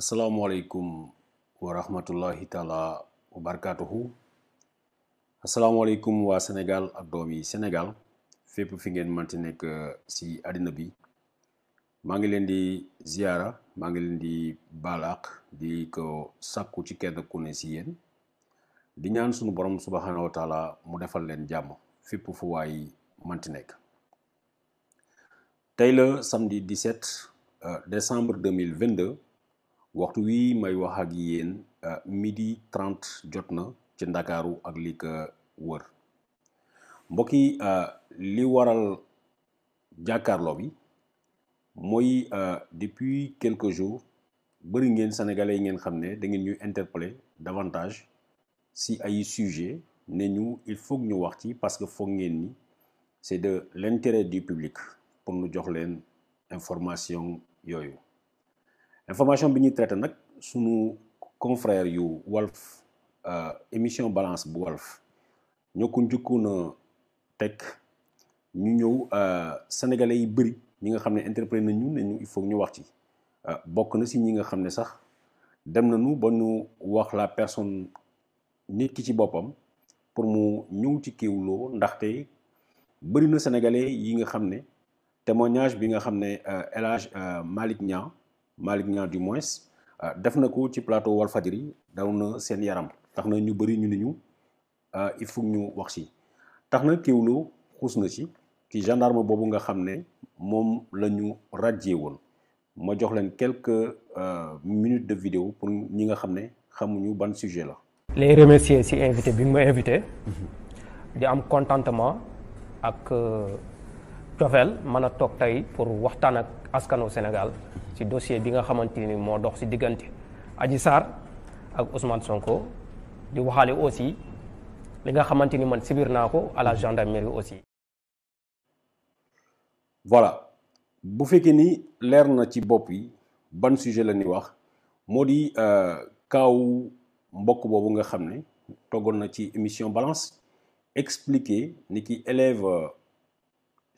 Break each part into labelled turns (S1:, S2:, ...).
S1: Assalamualaikum warahmatullahi taala wabarakatuh. Assalamualaikum wa senegal ak doomi senegal fépp fi ngeen mënti nek si adina bi Ma ngi len di ziyara, ma ngi len di balak di ko sakku ci kedd ku ne ci yeen. di ñaan sunu borom subhanahu wa taala mu defal len jamm fépp fu waay mënti nek. Tay le samedi 17 euh, décembre 2022 waxtu wi may wax ak yéen euh, midi 30 jotna ci ndakaaru ak li ko wër mbokk euh, li waral jakarlo bi moy euh, depuis quelques jours bëri ngeen sénégalais yi ngeen xam da ngeen ñu interpeller davantage si ay sujet né ñu il faut ñu wax ci parce que foog ngeen ni c'est de l'intérêt du public pour nous jox leen information yooyu information bi traité nak sunu confrère yu Walf euh, émission balance bu Walf tek euh, sénégalais yi bëri ñi nga xamné entrepreneur ñu euh, si ñi nga sax dem nañu ba ñu la personne nit pour mu ci na sénégalais yi nga témoignage bi nga Malick Niang du moins euh, def na ko ci plateau Walfadjri daw na seen yaram tax na ñu bari ñu ni ñu euh, il faut ñu wax ci tax na Kéwoulo xuus na ci ki gendarme bobu nga xam mom lañu la won ràjjee ma jox leen quelques euh, minutes de vidéo pour ñi nga xam ne xamuñu ban sujet la. les remercier ci invité bi nga ma invité. di am contentement ak cofeel mën tok tay pour waxtaan ak askanu Sénégal ci dossier bi nga xamanteni ni moo dox ci diggante Adji Sar ak Ousmane Sonko di waxale aussi li nga xamanteni man sibir naa à la gendarmerie aussi. voilà bu fekkee ni leer na ci bop yi ban sujet la ni wax modi euh kaaw mbokk bobu nga xamné togon na ci émission balance expliquer ni ki élève euh,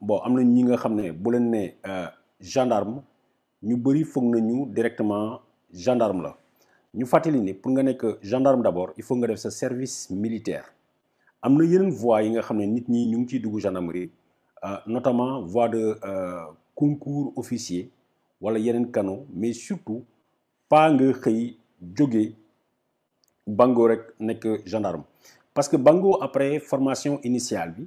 S1: bon amna ñi nga xamné bu leen ne euh, gendarme ñu bëri foog nañu directement gendarme la ñu fàttali ni pour nga nek gendarme d'abord il faut nga def sa service militaire amna yeneen voies yi nga xamné nit ñi ñu ngi ciy dugg gendarmerie euh, notamment voie de euh, concours officier wala yeneen canaux mais surtout pas nga xey jógee bango rek nek gendarme parce que bango après formation initiale bi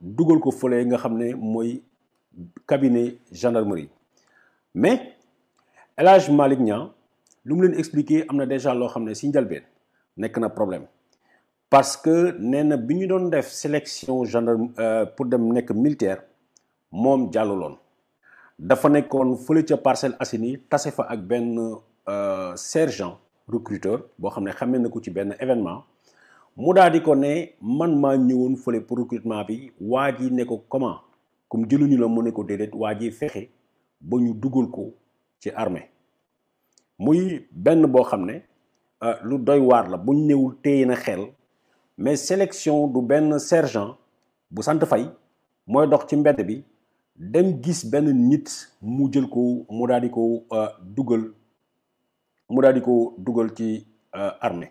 S1: dugal ko fële nga xam ne cabinet gendarmerie mais lu expliquer déjà problème parce que sélection gendarme euh, pour dem militaires? militaire moom jàlluloon dafa nekkoon fële ca parcelle fa euh, sergent recruteur mu daal di ne man ma ñëwoon fële pour recrutement bi waji ji ne ko comment comme jëluñu la mu ne ko dedet, waji ji fexe ba ko ci armée muy benn bo xam ne euh, lu doy war la buñ newul na xel mais sélection du ben sergent bu sante fay Moy dox ci bi dem gis ben nit mu jël ko mu daal ki ko Mui euh, mu euh, armée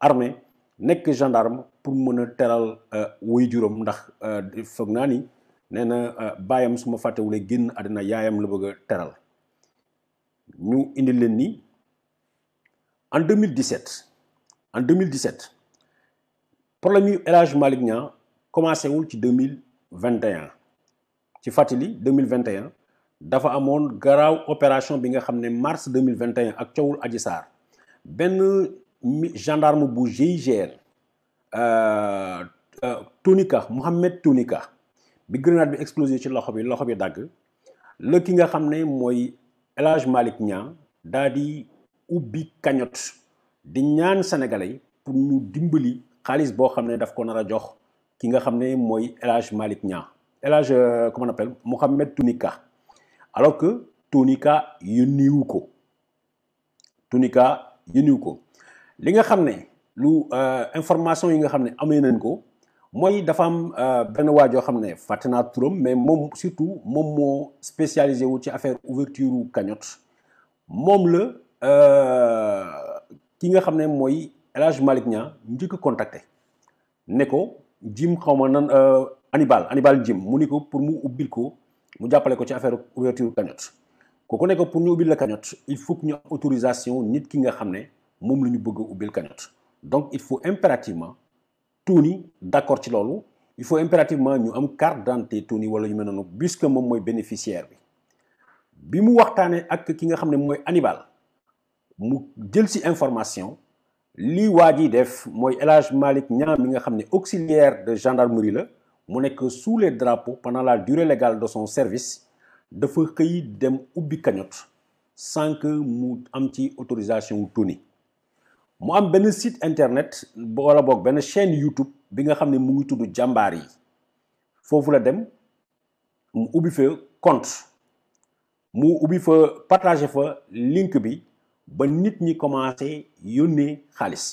S1: armé nek gendarme pour mën a teral euh, woy juróom ndax euh, foog naa ni nee na euh, baayam su ma fàttewulee génn yaayam la bëgg teral ñu indi len ni en 2017 en 2017 problème yu El Hadj commencé wul ci 2021 ci fatili 2021 dafa amone garaaw opération bi nga xamné mars 2021 ak coowul adissar ben gendarme bu GIGN euh, euh, Tonika Mohamed Tonika bi grenade bi explosé ci loxo bi loxo bi dag la ki nga xamné moy Elage El Hadj Malick dadi daa di ubbi di ñaan sénégalais pour ñu dimbali xaalis bo xamné daf ko nara jox ki nga xamné moy Malick euh, comment on appelle Mohamed Tonika alors que Tonika yónniwu ko Tonika li nga xam ne lu euh, information yi nga xam ne amee nañ ko moy dafa am euh, benn waa joo xam ne fàtte mais mom surtout mom mo spécialisé wu ci affaire ouverture ou cagnotte le euh ki nga xam ne mooy El Hadj Malick Niang njëkk ne ko Jim xawma nan euh Hannibal Hannibal Jim mu ni ko pour mu ubbil ko mu jappalé ko ci affaire ouverture cagnotte ko ne ko pour ñu ubbil la cagnotte il faut que ñu autorisation nit ki nga xam ne mom lañu bëgg a ubbil donc il faut impérativement Tony d'accord accord ci lolu il faut impérativement ñu am carte d'identité identité Tony wala ñu mel puisque mom moy bénéficiaire bi bi mu waxtaanee ak ki nga xam ne mooy Hannibal mu jël ci information li waa def moy El malik Malick mi nga xam auxiliaire de gendarmerie la mu que sous les drapeaux pendant la durée légale de son service dafa xëy dem ubbi cagnotte sans que mu am ci autorisation wu Tony mu am benn site internet wala boog benn chaîne YouTube bi nga xam ne mu ngi tudd jàmbaar yi foofu la dem mu ubbi fa compte mu ubbi fa partagé fa link bi ba nit ñi commencé yónnee xaalis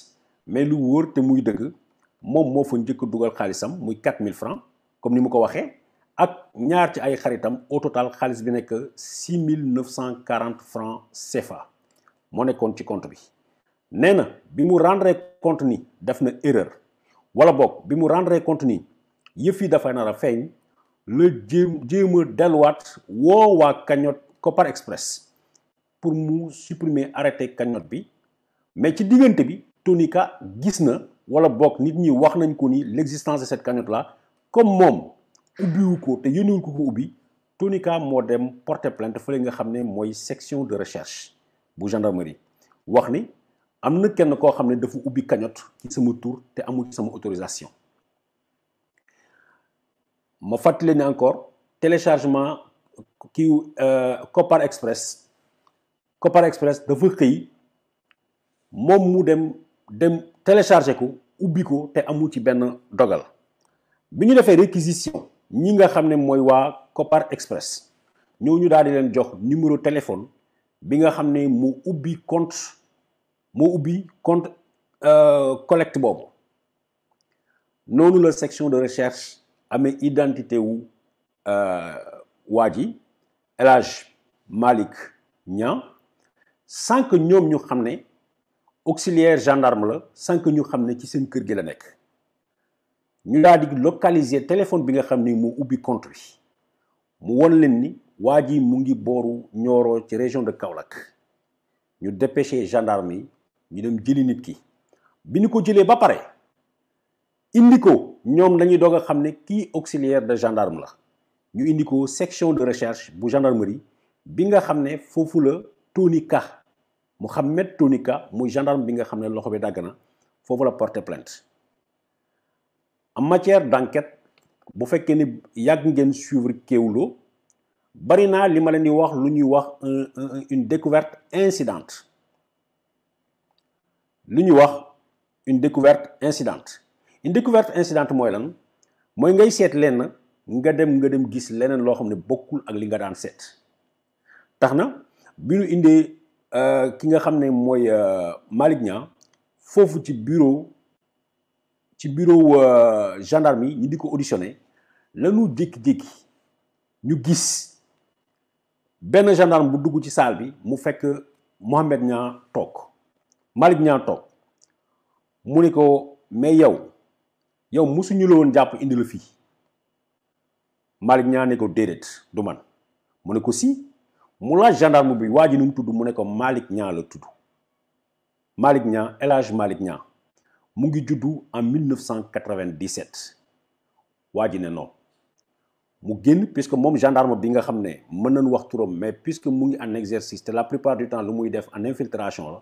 S1: mais lu wóor te muy dëgg moom moo fa njëkk dugal xaalisam muy 4000 francs comme ni mu ko waxee ak ñaar ci ay xaritam au total xaalis bi nekk 6940 francs CFA moo nekkoon ci compte bi nena bimu rendre compte ni def na erreur wala bok bimu rendre compte ni yëf yi dafay nar a le la jéem wo wa delluwaat ko par Express pour mu supprimer arrêter cagnotte bi mais ci diggante bi tonika gis na wala bok nit ñi wax nañ ko ni l'existence de cette cagnotte là comme moom Ubi ko te yónniwul ko ko ubi tonika mo dem porter plainte fele nga xam moy section de recherche bu gendarmerie wax ni amna kenn ko xam dafa ubi cagnotte ci sama tour te amul ci sama autorisation ma fatlé ni encore téléchargement euh Copar Express Copar Express dafa xëy mom mu dem dem téléchargé ko ubi ko te amul ci ben dogal biñu défé réquisition ñi nga xam moy wa Copar Express ñoo ñu daal di leen jox numéro téléphone bi nga xam mu ubi compte moo ubbi compte euh, collecte boobu noonu la section de recherche amee identité wu euh, waa ji El Malik Malick Niang sans que ñoom ñu xam auxiliaire gendarme la sans que ñu xam ne ci seen kër gi la nekk ñu daal localiser téléphone bi nga xam ni mu ubbi compte bi mu won leen ni waa ji mu ngi booru Nioro ci région de Kaolack ñu dépêché gendarme ñu dem jëli nit ki bi ñu ko jëlee ba pare indi ko ñoom lañuy doog a xam ne kii auxiliaire de gendarme la ñu indi ko section de recherche bu gendarmerie bi nga xam ne foofu la Tony Ka Mouhamed Tony Ka muy gendarme bi nga xam ne loxo bi dagg na foofu la porter plainte en matière d'enquête bu fekkee ni yàgg ngeen suivre Kéwoulo bari naa li ma leen di wax lu ñuy wax une découverte incidente nous avons une découverte incidente une découverte incidente mooy lan mooy ngay seet lenn nga dem nga dem gis leneen loo ne ak li nga daan seet tax na bi ñu euh, ki nga euh, bureau ci bureau euh, gendarme yi ñu di ko auditionné le jékki-jékki ñu gis benn gendarme bu dugg ci salle bi mu fekk Mohamed Malick Niang tok muniko ne mais yow yow musuñu la won japp indi la fi Malick Niang ne ko du man si mu la gendarme bi waji num tuddu muniko tudd mu Malick Niang la tuddu Malick Niang elage Malick Niang mu ngi juddu en 1997 waji ne non mu puisque mom gendarme bi nga xam meun nañ wax turam mais puisque mu ngi en exercice la plupart du temps lu muy def en infiltration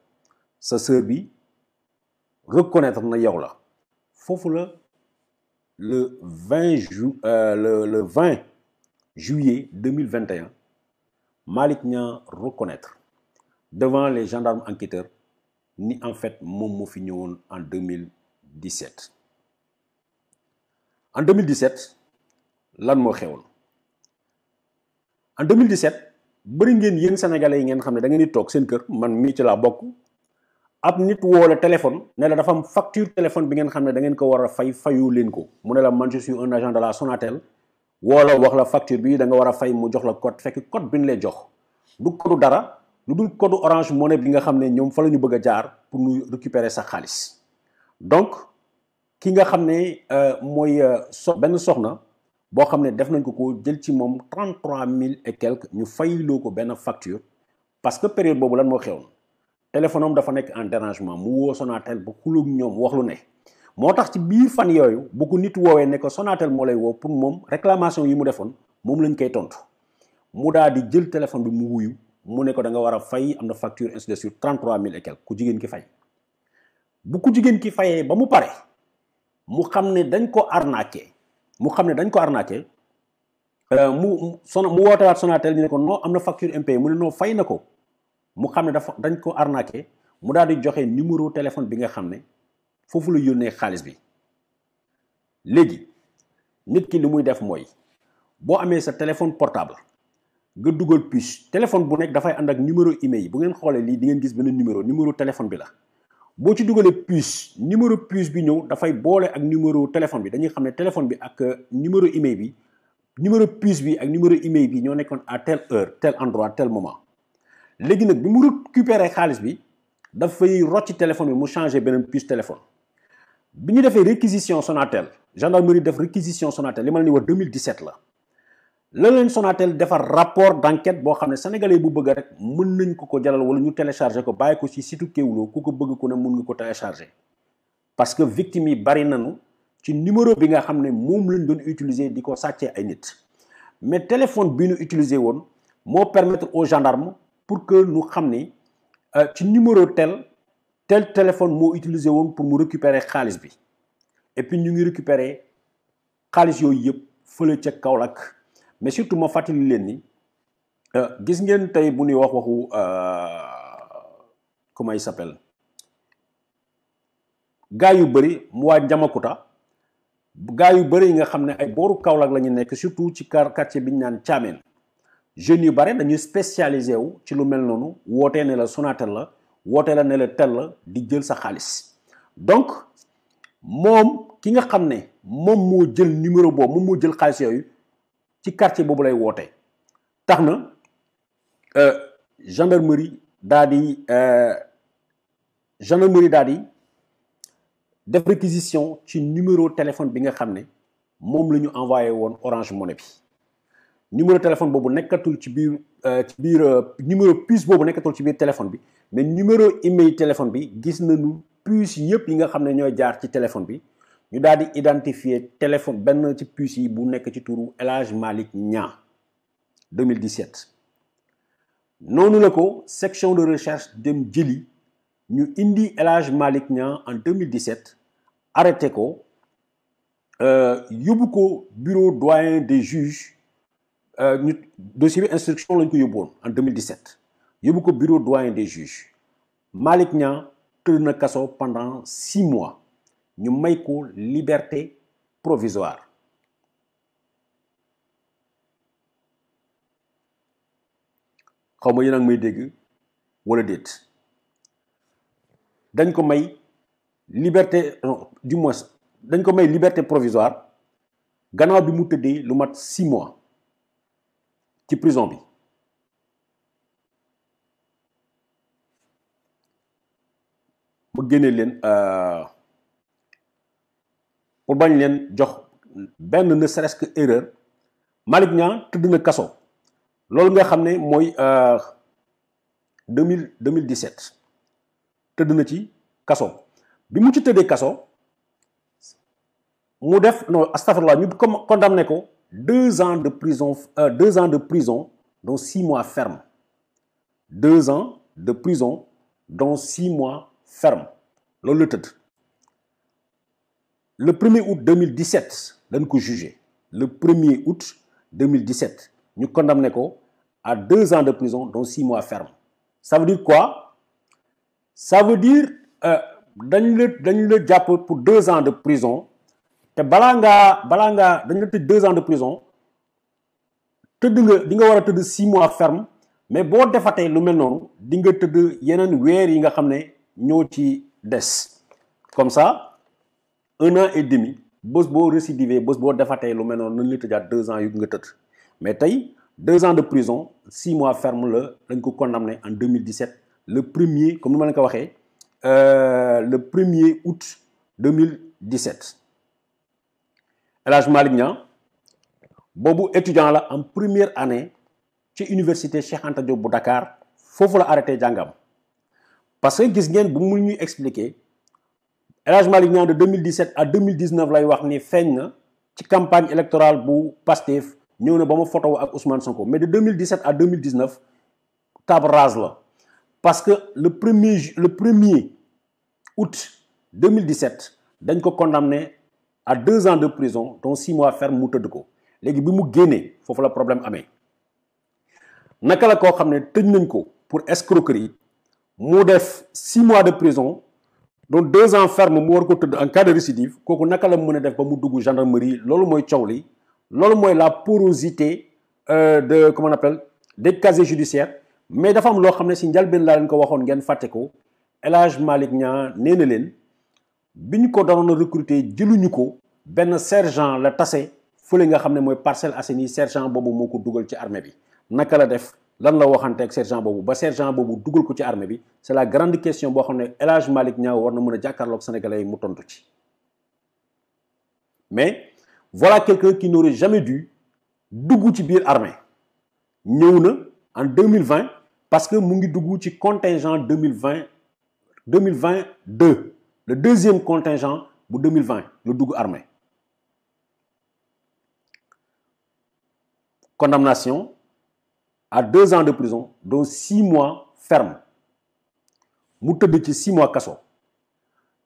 S1: sa sœur bi reconnaître na yow la le 20 euh, le 20 juillet 2021 Malick reconnaître devant les gendarmes enquêteurs ni en fait en 2017 en 2017 lan mo en 2017 bari ngeen sénégalais ngeen da ngeen di seen man ci ab nit woo la téléphone ne la dafa am facture téléphone bi ngeen xam ne da ngeen ko war a fay fayu leen ko mu ne la man je suis un agent de la Sonatel woo la wax la facture bi da nga war a fay mu jox la code fekk code bi ñu lay jox du kodu dara lu dul kodu orange money bi nga xam ne ñoom fa la ñu bëgg a jaar pour ñu récupérer sa xaalis donc ki nga xam ne euh, mooy euh, so benn soxna boo xam ne def nañ ko ko jël ci moom 33 mille et quelque ñu fayloo ko benn facture parce que période boobu lan moo xewoon téléphone am dafa nek en dérangement mu wo sonatel bu nyom ñom wax lu ne motax fanioyo ci biir fan yoyu bu ko nit wowe ne ko sonatel mo lay wo pour mom réclamation yi mu defon mom lañ koy tontu mu di jël téléphone bi mu wuyu mu ne ko da nga wara fay amna facture insu dessus 33000 et quelque ku jigen ki fay bu ku jigen ki fayé ba mu pare mu xamné dañ ko arnaqué mu xamné dañ ko arnaqué euh, mu sona mu wootewaat sonatel ni ne ko non amna facture impayé mu ne non fay nako mu xam dafa dañ ko arnaqué mu daal di joxe numéro téléphone bi nga xam fofu foofu la yónnee xaalis bi légui nit ki li muy def moy bo amé sa téléphone portable nga dugal puce téléphone bu nekk dafay ànd ak numéro email bu ngeen xolé li di ngeen gis benen numéro numéro téléphone bi la bo ci dugalee puce numéro puce bi da fay bolé ak numéro téléphone bi dañuy xam téléphone bi ak euh, numéro email bi numéro puce bi ak numéro email bi ñoo nekkoon à telle heure tel endroit tel moment léegi nak bi mu récupérer xaliss bi fay rocci téléphone bi mu changer benen puce téléphone biñu défé réquisition Sonatel gendarmerie def réquisition Sonatel limal ni leen 2017 la la leen Sonatel défar rapport d'enquête bo xamné sénégalais bu bëgg rek mën nañ ko ko jalal wala ñu télécharger. ko bàyyi ko ci site Kéwoulo ku ko bëgg ku na mun nga ko téléchargé parce que victime yi bari nañu ci numéro bi nga xamné ne moom lañ doon utiliser diko ko ay nit mais téléphone bi ñu utiliser won mo permettre aux gendarmes pour que nous xam ni euh, ci numéro tel tel téléphone moo utilisé woon pour nous récupérer Khalis. bi et puis nous ngi récupérer Khalis yooyu yëpp fële ca Kaolack mais surtout ma fàttali leen ni euh, gis ngeen tey bu ñuy wax waxu euh, comment il s'appelle gaa yu moi mu wa jamakuta gaa yu bëri nga xam ay boru kaolak lañu nek surtout ci quartier biñ nane jeune yu bare dañuy spécialisé wu ci lu mel noonu woté ne la Sonatel la woté la ne la tel la di jël sa xaliss donc mom ki nga xamné mom mo jël numéro boobu mom mo jël xaliss yooyu ci quartier bobu lay woté taxna euh gendarmerie dadi euh gendarmerie dadi def réquisition ci numéro téléphone bi nga xamné mom lañu envoyé won Orange Money bi numéro téléphone bobu nekkatul ci biir euh, ci biir euh, numéro puce bobu nekkatul ci biir téléphone bi mais numéro email téléphone bi gis nañu puce yëpp yi nga xamné ñoy jaar ci téléphone bi ñu daldi identifier téléphone benn ci puce yi bu nek ci touru Elage Malik Malick 2017. nonu la ko section de recherche dem jëli ñu indi Elage Malik Malick en 2017 arrêté ko euh, yóbbu ko bureau doyen des juges. Euh, dossier d'instruction en 2017. Il y a bureau doyen des juges. Malik Nyan, été Kasso pendant six mois. Nous avons une liberté provisoire. Comme vous avez dit, vous avez dit. Nous avons une liberté provisoire. Nous avons une liberté provisoire. Nous avons une liberté provisoire. 6 mois ci prison bi ba génne leen euh, pour bañ len jox ben ne serait-ce que erreur Malick Niang tëdd na kasso loolu nga xam moy euh 2000 2017 tëdd na ci kasso bi mu ci tëddee kasso mu def non astafurlah ñu condamné ko euh, deux ans de prison, dont six mois ferme. Deux ans de prison, dont six mois ferme. le 1er août 2017 nous avons jugé le 1er août 2017 nous condamné à deux ans de prison dont six mois ferme ça veut dire quoi ça veut dire euh, pour deux ans de prison te balaa ngaa balaa ngaa dañ la tëj deux ans de prison tëdd nga di nga war a tëdd six mois ferme mais boo defatee lu mel noonu di nga tëdd yeneen weer yi nga xam ne ñoo ci des comme ça un an et demi bés boo recidivé bés boo defatee lu mel noonu nañ la tëjaat deux ans yu nga tëdd mais tey deux ans de prison six mois ferme la lañ ko condamné en 2017 le premier comme ni ma leen ko waxee euh, le premier août 2017 El Hadj si vous étudiez étudiant en première année chez l'Université Cheikh Anta Diop bu Dakar arrêter la arrêté jangam. parce que gis ngeen bu mu ñu expliquer El Hadj de 2017 à 2019 lay wax ni une ci campagne électorale bu Pastef ñëw na ba ma photo ak Ousmane Sonko mais de 2017 à 2019 table rase la parce que le premier le août 2017 dañ ko condamné à deux ans de prison dont six mois ferme mu tëdd ko léegi bi mu faut foofu la problème amé. N'akala ko koo xam pour escroquerie mou def six mois de prison dont deux ans ferme mu war en cas de récidive koko nakala la def ba mu dugg gendarmerie loolu moy coow li moy la porosité euh, de comment on appelle des casiers judiciaires mais dafa am lo xam si njalbeen laa lan ko waxoon gen fàtte ko El biñ ko danoon a recruter jëluñu ko benn sergent la tase fële nga xam ne mooy Parcelles sergent boobu moo ko dugal ci armée bi naka la def lan la waxante ak sergent boobu ba sergent boobu dugal ko ci armée bi c'est la grande question boo xam ne El Hadj Malick Niang war na mën a jàkkaarloog sénégalais yi mu tontu ci mais voilà quelqu'un qui n'aurait jamais dû dugg ci biir armée ñëw na en 2020 parce que mu ngi dugg ci contingent 2020 2022 le deuxième contingent pour 2020 le doug armé. condamnation à deux ans de prison dont six mois ferme mu de ci six mois casso.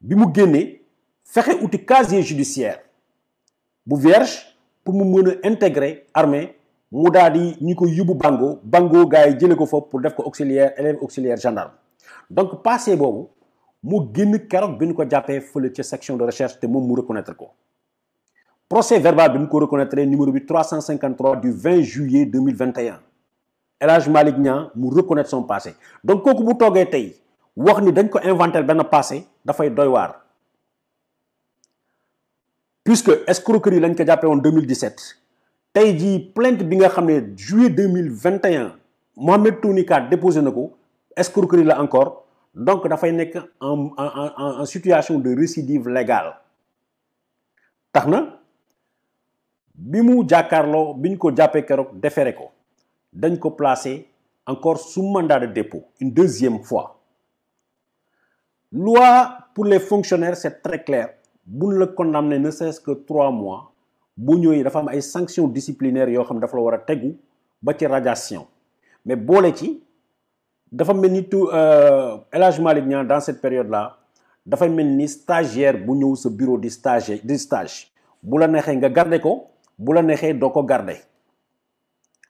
S1: bi mu génnee casier judiciaire Bouverge vierge pour les intégrer armée Niko di bango bango Gaï yi pour auxiliaire élève auxiliaire gendarme donc passé bon, mu génn keroog section de recherche et moom reconnaître Le procès verbal bi mu ko reconnaître numéro 353 du 20 juillet 2021 El Hadj je reconnaître son passé donc si bu avez dit wax ni dañ ko inventer passé dafay doy waar puisque l'escroquerie est ko en en 2017 la plainte bi nga juillet 2021 Mohamed Tounika déposé na escroquerie la encore donc il nekk en en situation de récidive légale tax na bi Jacarlo, jàkkaarloo bi ko jappé kérok déféré ko dañ ko encore sous mandat de dépôt une deuxième fois loi pour les fonctionnaires c'est très clair buñ la condamné ne cesse que trois mois bu ñoy dafa am ay sanctions disciplinaires yo xam dafa la wara téggu ba ci radiation mais ci dafa mel ni tout euh, El Hadj Malick dans cette période là dafa mel ni stagiaire bu ñëw sa bureau de stage de stage bu la neexee nga garder ko bu la neexee doo ko garder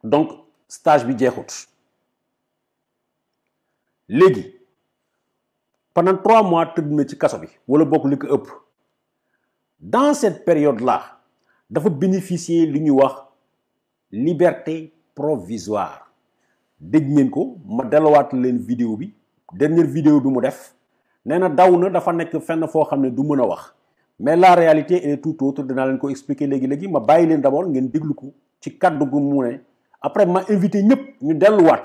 S1: donc stage bi jeexut léegi pendant trois mois tëdd na ci kaso bi wala bokk li ko ëpp dans cette période là dafa bénéficier li wax liberté provisoire dégg ngeen ko ma delluwaat leen vidéo bi dernière vidéo bi mu def nee na daw na dafa nekk fenn foo xam ne du mën a wax mais la réalité elle tout autre dinaa leen ko expliquer léegi-léegi ma bàyyi leen d'abord ngeen déglu ko ci kaddu gu mu ne après ma invité ñëpp ñu delluwaat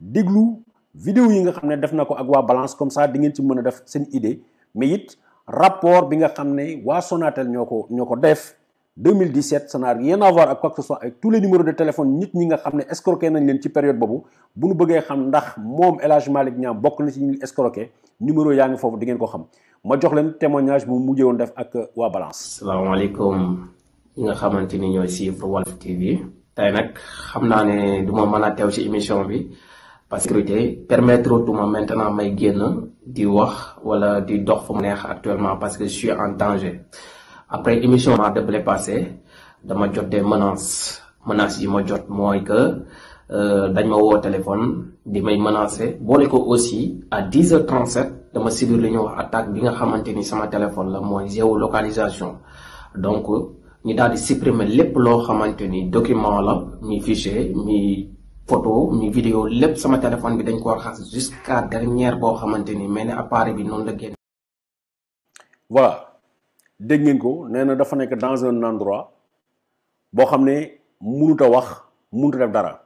S1: déglu vidéo yi nga xam ne def na ko ak waa balance comme ça di ngeen ci mën a def seen idée mais it rapport bi nga xam ne waa Sonatel ñoo ko ñoo ko def 2017 ça n'a rien à voir avec quoi que ce soit avec tous les numéros de téléphone nit ñi nga xamné escroquer nañ leen ci période bobu bu ñu bëggee xam ndax moom El Hadj Malick Niang bokk na ci ñu escroquer numéro yaa ngi foofu di ngeen ko xam ma jox leen témoignage bu mu mujjee def ak waa Balance. salaamaaleykum ñi nga xamante ni ñooy suivre Walf TV. tey nag xam naa ne du ma mën a teew ci émission bi parce que permettre tuma maintenant may génn di wax wala di dox fu mu neex actuellement parce que je suis en danger après émission de blé passé dama jot des menaces menaces yi ma jot moy que euh, dañ ma wo téléphone di may menacer boole ko aussi à 10h37 dama subir li ñuy wax attaque bi nga xamanteni sama téléphone la mooy localisation. donc ñu dal di supprimer lepp lo xamanteni document la mi fichier mi photo mi vidéo lepp sama téléphone bi dañ ko raxas jusqu'à dernière bo xamanteni mais mel appareil bi non la voilà dégg ngeen ko nee na dafa nekk dans un endroit boo xam ne mënut a wax mënut a def dara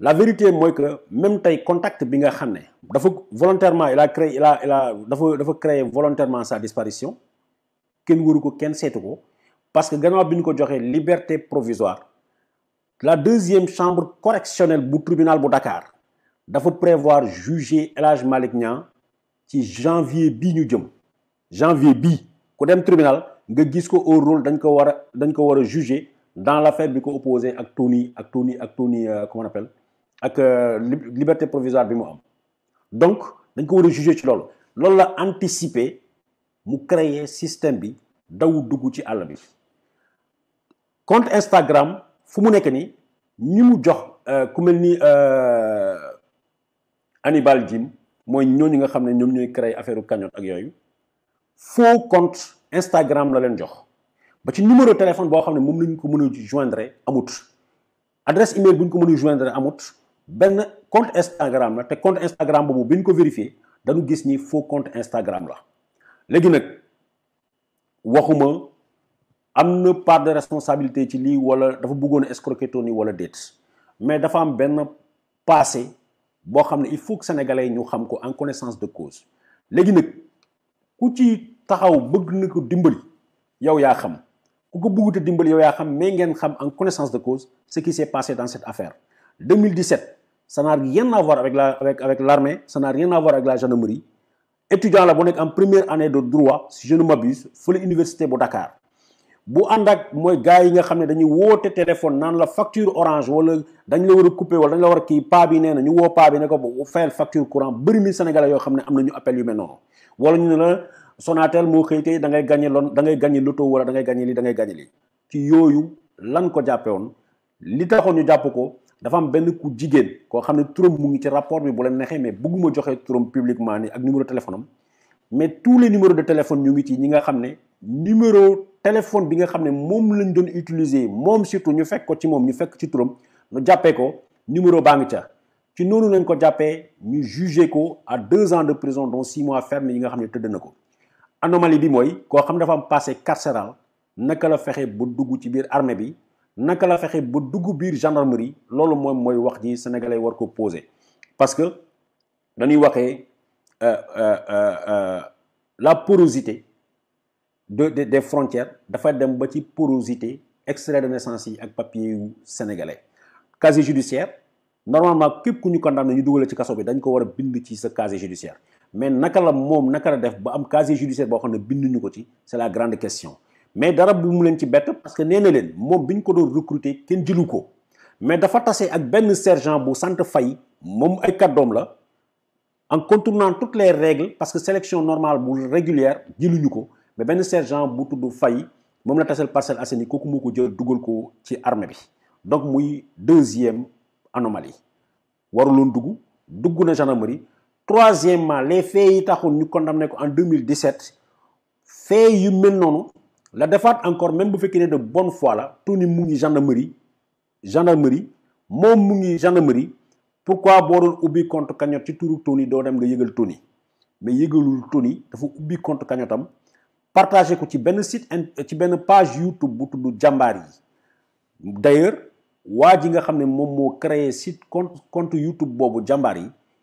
S1: la vérité mooy que même tey contact bi nga xam ne dafa volontairement il a créé il a il a dafa dafa créé volontairement sa disparition kenn waru ko kenn seetu ko parce que gannaaw bi ñu ko joxee liberté provisoire la deuxième chambre correctionnelle bu tribunal bu Dakar dafa prévoir juger El Hadj Malick Niang ci janvier bii ñu jëm janvier bii ku tribunal nga gis ko rôle juger dans l'affaire bi ko Tony Tony euh, comment on appelle euh, liberté provisoire donc dañ ko juger ci la anticiper mu créer système bi daw ci bi compte Instagram ni mu jox euh, ku nga faux compte Instagram la leen jox ba ci numéro téléphone boo xam ne moom lañ ko mën a joindre amut adresse email bu ñu ko mën a joindre amut benn compte Instagram la te compte Instagram boobu bi ñu ko vérifié dañu gis ni faux compte Instagram la léegi nag waxuma am na part de responsabilité ci lii wala dafa bëggoon a escroquer ni wala déet mais dafa am benn passé boo xam ne il faut que sénégalais ñu xam ko en connaissance de cause léegi nag ku ci taxaw bëgg na ko dimbali yow yaa xam ku ko bëggut a dimbali yow yaa xam mais ngeen xam en connaissance de cause ce qui s'est passé dans cette affaire 2017 ça n'a rien à voir avec la avec avec l'armée ça n'a rien à voir avec la gendarmerie étudiant la bu nekk en première année de droit si je ne m'abuse fële université bu Dakar bu ànd ak mooy gars yi nga xam ne dañuy woote téléphone naan la facture orange wala dañ la war a couper wala dañ la war a kii paa bi nee na ñu woo paa bi ne ko fayal facture courant bëri mi Sénégalais yoo xam ne am na ñu appel yu mel noonu wala ñu ne la Sonatel moo xëy tey da ngay gagné da ngay gagné loto wala da ngay gagné lii da ngay lii ci yooyu lan ko jàppe woon li taxoon ñu jàpp ko dafa am benn ku jigéen koo xam ne turam mu ngi ci rapport bi bu leen neexee mais bëgguma joxe turam ni ak numéro téléphone am mais tous les de téléphone ñu ngi ci ñi nga xam ne numéro téléphone bi nga xam ne moom lañ doon utiliser moom surtout ñu fekk ko ci moom ñu fekk ci turam ñu jàppee ko numéro baa ngi ca ci noonu lañ ko jàppee ñu jugé ko a deux ans de prison dont six mois ferme yi nga xam ne tëdd na ko anomalie bi mooy koo xam dafa am passé carcéral naka la fexe ba dugg ci biir armée bi naka la fexe ba dugg biir gendarmerie loolu moom mooy wax ji sénégalais war ko poser parce que dañuy waxee euh, euh, euh, la porosité de des frontières dafa dem ba ci porosité extrait de naissance yi ak papier yu sénégalais casier judiciaire normalement képp ku ñu condamné ñu dugale ci kaso bi dañ ko war a bind ci sa casier judiciaire mais naka la moom naka la def ba am casier judiciaire bo xamne bindu ñuko ci c'est la grande question mais dara bu mu len ci bett parce que néna len mom biñ ko do recruter ken jëlu ko mais dafa tassé ak ben sergent bu sant fay mom ay kaddom la en contournant toutes les règles parce que sélection normale bu régulière jëluñu ñuko mais ben sergent bu tuddu fay mom la taseel Parcelles Assainies kooku moo ko jël duggal ko ci armée bi donc muy deuxième anomalie warulon dugg dugg na gendarmerie troisièmement les faits qui ont été condamné en 2017 faits yu mel la défaite encore même si c'est est de bonne foi la Tony mu ngi gendarmerie gendarmerie moom mu gendarmerie pourquoi avoir oublié contre compte cagnotte ci Tony doo dem nga le Tony mais yëgalul Tony Il faut oublier contre am partager ko ci ben site ci ben page YouTube bu tudd Jambari. d'ailleurs waa a nga un mom mo site compte compte YouTube de jambar yi.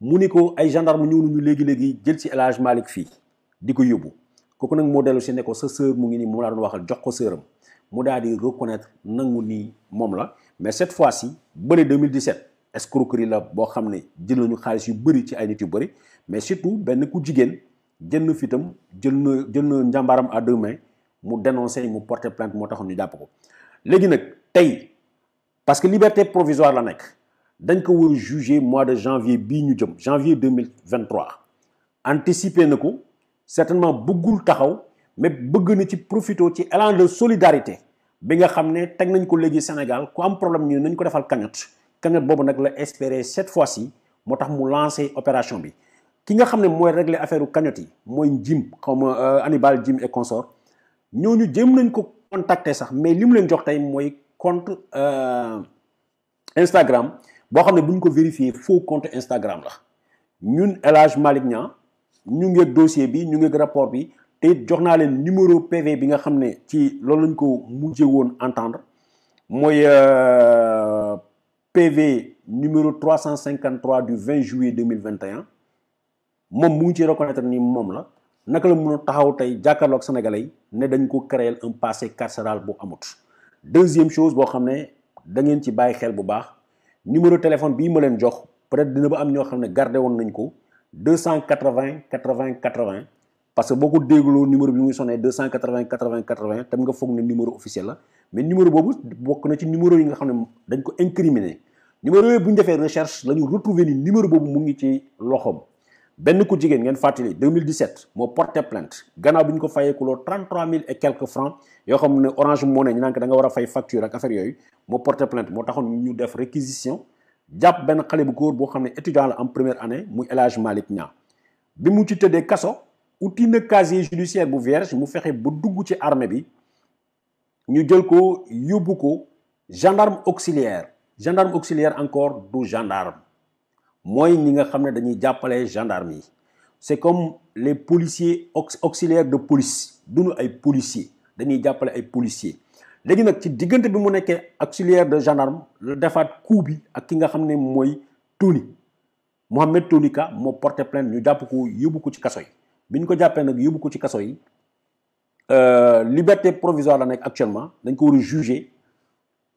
S1: muniko ay gendarme ñu ñu légui légui jël ci ont Malik fi diko yobbu ko ne sa sœur mu ngi ni la doon waxal jox ko sœuram mu reconnaître la mais cette fois ci 2017 escroquerie la jël nañu yu mais surtout ku à deux mains parce que liberté provisoire la dañ ko war a juger mois de janvier bi ñu jëm janvier 2023. anticiper na certainement bëggul taxaw mais bëgg na ci profito ci élan de solidarité bi nga xamné ne nañ ko légui Sénégal ko am problème ñu nañ ko défal cagnotte cagnotte bobu nak la espérer cette fois ci motax mu lancer opération bi ki nga xamné moy régler affaire cagnotte yi mooy Jim comme ma euh, Hannibal Jim et consort ñooñu jëm nañ ko contacter sax mais limu leen jox tay moy compte euh, Instagram bo xamné buñ ko vérifier faux compte Instagram la ñun El Hadj Malick Niang ñu ngi dossier bi ñu ngi rapport bi té jox naa leen numéro PV bi nga xamné ci loolu lañ ko mujjee entendre moy euh, PV numéro 353 du 20 juillet 2021 mom mu ngi ci reconnaître ni mom la naka la mën taxaw tay jakarlok sénégalais né dañ ko créer un passé carcéral bu amut deuxième chose bo xamné da ngeen ci baye xel bu baax numéro de téléphone bi ma len jox peut-être dina ba am ño xamné garder gardé nañ ko 280 80 80 parce que beaucoup de gens numéro bi muy sonné 280 80 80 tam nga foog un numéro officiel la mais numéro bobu bokk na ci numéro yi nga xamné dañ ko incriminer numéro bi buñ défé c'est recherche lañu retrouver ni numéro bobu mu ngi ci ben ku jigéen ngeen fàttali 2017 mo porté plainte gannaaw ko ñu ko fayeekuloo 33000 et quelques francs Yo xamné ne Orange moné ñu naan da nga wara fay facture ak affaire yooyu Mo porté plainte mo taxoon ñu def réquisition japp ben xale bu góor boo ne étudiant la en première année muy El Hadj Malick bi mu ci teudé kasso outil na casier judiciaire bu vierge mu fexé bu dugg ci armée bi ñu jël ko yóbbu ko gendarme auxiliaire gendarme auxiliaire encore du gendarme mooy ñi nga xam ne dañuy jàppale gendarme yi c'est comme les policiers auxiliaires de police duñu ay policiers dañuy jàppale ay policiers léegi nag ci diggante bi mu nekkee auxiliaire de gendarme la defaat coup bi ak ki nga xam ne mooy Tony Mohamed Tony Ka moo porté plainte ñu jàpp ko yóbbu ko ci kaso yi bi ñu ko jàppee nag yóbbu ko ci kaso yi liberté provisoire la nekk actuellement dañ ko war a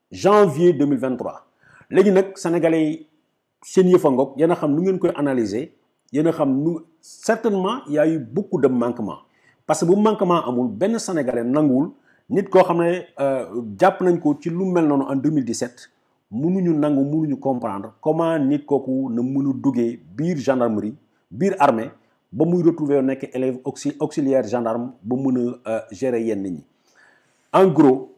S1: janvier 2023 léegi nag sénégalais yi seen yëf a ngoog yéen a xam nu ngeen koy analyser yéen a xam nu certainement y a eu beaucoup de manquements parce que bu manquement amul benn sénégalais nanguwul nit koo xam ne euh, jàpp nañ ko ci lu mel noonu en 2017 mënuñu nangu mënuñu comprendre comment nit kooku na mën a duggee biir gendarmerie biir armée ba muy retrouver nekk élève auxiliaire gendarme ba mën a euh, gérer yenn nit ñi en gros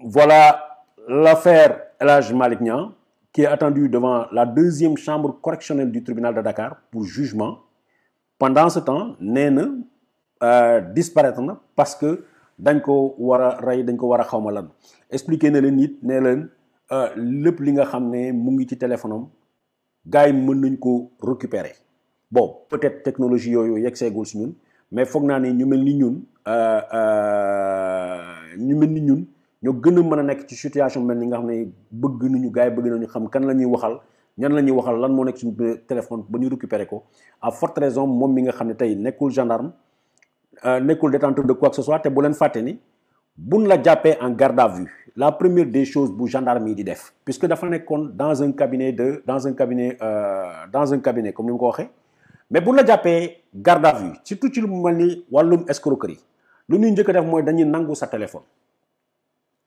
S1: voilà l'affaire El Hadj Malick Niang qui est attendu devant la deuxième chambre correctionnelle du tribunal de Dakar pour jugement. Pendant ce temps, Néna euh, parce que dañ ko ray a wara khamalan. ko war a xawma le expliqué na leen it euh, téléphone récupérer bon peut-être technologie la technologie seegul si ñun mais il faut que nous nous ni euh, euh, ñu ñoo gën a mën ci situation nga xam bëgg xam kan la waxal ñan waxal lan à forte raison mi nga xam gendarme euh, détenteur de quoi que ce soit te la en garde à vue la première des choses bu gendarme di def puisque dafa dans un cabinet de dans un cabinet euh, dans un cabinet comme ni mu ko mais buñ la garde à vue surtout ci lu vous mel ni wàllum escroquerie lu ñuy njëkk a def mooy dañuy nangu sa téléphone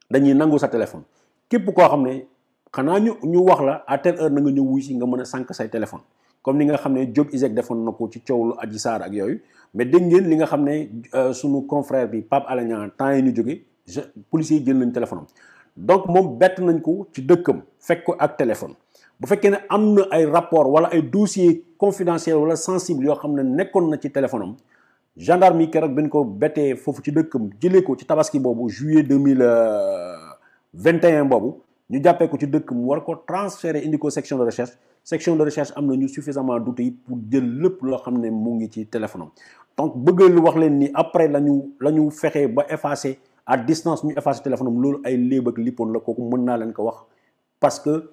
S1: dañuy nangu sa téléphone képp koo xam ne xanaa ñu ñu wax la à telle heure na nga ñëw wuy si nga mën a sànq say téléphone comme ni nga xam ne Diop Isaac defoon na ko ci coow aji Adji ak yooyu mais dégg ngeen li nga xam ne euh, sunu confrère bi Pape Alé Niang temps yi ñu jóge je policiers yi jël nañ téléphone am donc moom bett nañ ko ci dëkkam fekk ko ak téléphone bu fekkee ne am na ay rapport wala ay dossier confidentiel wala sensible yoo xam ne nekkoon na ci téléphone am gendarme yi keroog bin ko bété fofu ci deukum jëlee ko ci tabaski bobu juillet 2021 euh, bobu ñu jappé ko ci dëkkam war ko transférer indi ko section de recherche section de recherche amna ñu suffisamment doute pour jël lepp lo xamné mo ngi ci téléphone donc bëgg lu wax leen ni après la lañu la ba effacer à distance ñu effacer téléphone lolu ay léeb ak lippoon la kooku mëna naa leen ko wax parce que.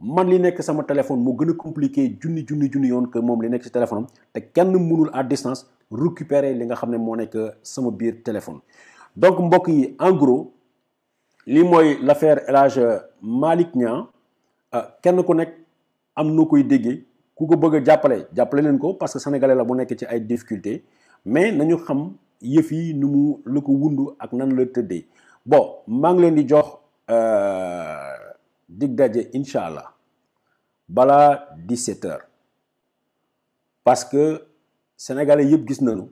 S1: man li nekk sama téléphone moo gën a compliqué junni junni junni yoon que moom li nekk ci téléphone te kenn mënul à distance récupérer li nga xam ne moo nekk sama biir téléphone. donc mbokk yi en gros lii mooy l'affaire El Hadj Malick Niang euh, kenn ku nekk am noo koy déggee ku ko bëgg jàppale jàppale leen ko parce que sénégalais la bu nekk ci ay difficultés mais nañu xam yëf yi nu mu lu ko wundu ak nan la tëddee bon maa ngi leen di jox. Euh, dig dajé inshallah bala 17 h parce que sénégalais yëpp gis nañu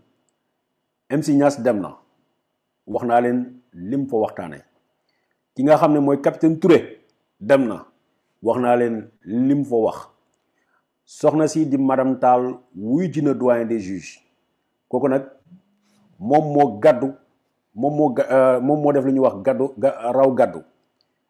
S1: MC Niass demna waxna len lim fo waxtaanee ki nga xamné moy capitaine Touré demna waxna len lim fo wax soxna si di madame tal wuy dina doyen des juges koko nak mom mo gàddu mom mo euh, mom mo def lu wax gàddu raw gàddu.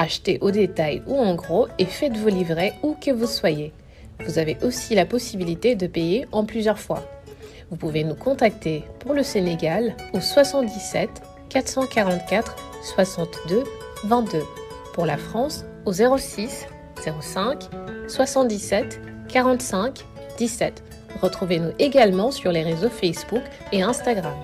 S1: Achetez au détail ou en gros et faites vos livrets où que vous soyez. Vous avez aussi la possibilité de payer en plusieurs fois. Vous pouvez nous contacter pour le Sénégal au 77 444 62 22. Pour la France au 06 05 77 45 17. Retrouvez-nous également sur les réseaux Facebook et Instagram.